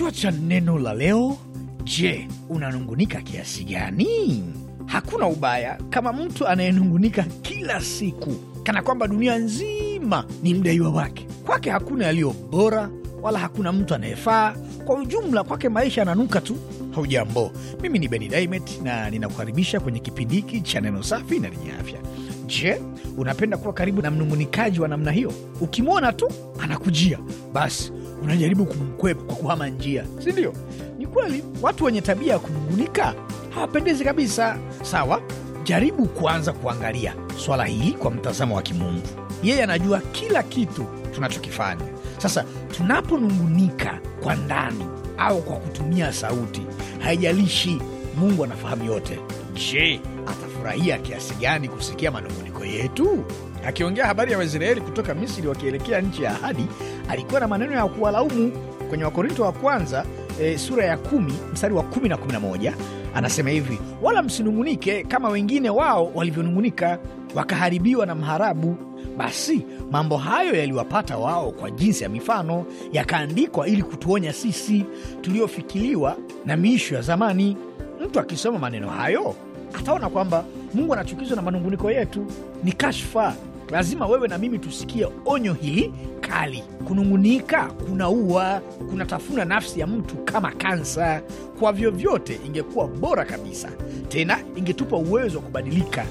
Kichwa cha neno la leo: Je, unanungunika kiasi gani? Hakuna ubaya kama mtu anayenungunika kila siku, kana kwamba dunia nzima ni mdaiwa wake. Kwake hakuna yaliyo bora, wala hakuna mtu anayefaa. Kwa ujumla, kwake maisha yananuka tu. Haujambo, mimi ni Beni Daimet na ninakukaribisha kwenye kipindi hiki cha neno safi na lenye afya. Je, unapenda kuwa karibu na mnung'unikaji wa namna hiyo? Ukimwona tu anakujia, basi unajaribu kumkwepa kwa kuhama njia, si ndio? Ni kweli watu wenye tabia ya kunungunika hawapendezi kabisa. Sawa, jaribu kuanza kuangalia swala hili kwa mtazamo wa kimungu. Yeye anajua kila kitu tunachokifanya. Sasa tunaponungunika kwa ndani au kwa kutumia sauti, haijalishi Mungu anafahamu yote. Je, atafurahia kiasi gani kusikia manunguniko yetu? Akiongea habari ya Waisraeli kutoka Misri wakielekea nchi ya ahadi, alikuwa na maneno ya kuwalaumu. Kwenye Wakorinto wa kwanza e, sura ya kumi mstari wa kumi na kumi na moja anasema hivi: wala msinungunike kama wengine wao walivyonungunika, wakaharibiwa na mharabu. Basi mambo hayo yaliwapata wao kwa jinsi ya mifano, yakaandikwa ili kutuonya sisi tuliofikiliwa na miisho ya zamani. Mtu akisoma maneno hayo ataona kwamba Mungu anachukizwa na manunguniko yetu, ni kashfa. Lazima wewe na mimi tusikie onyo hili kali. Kunungunika kunaua, kunatafuna nafsi ya mtu kama kansa. Kwa vyovyote, ingekuwa bora kabisa, tena ingetupa uwezo wa kubadilika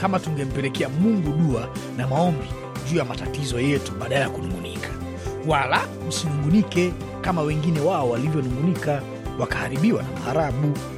kama tungempelekea Mungu dua na maombi juu ya matatizo yetu badala ya kunungunika. Wala msinungunike kama wengine wao walivyonungunika, wakaharibiwa na maharabu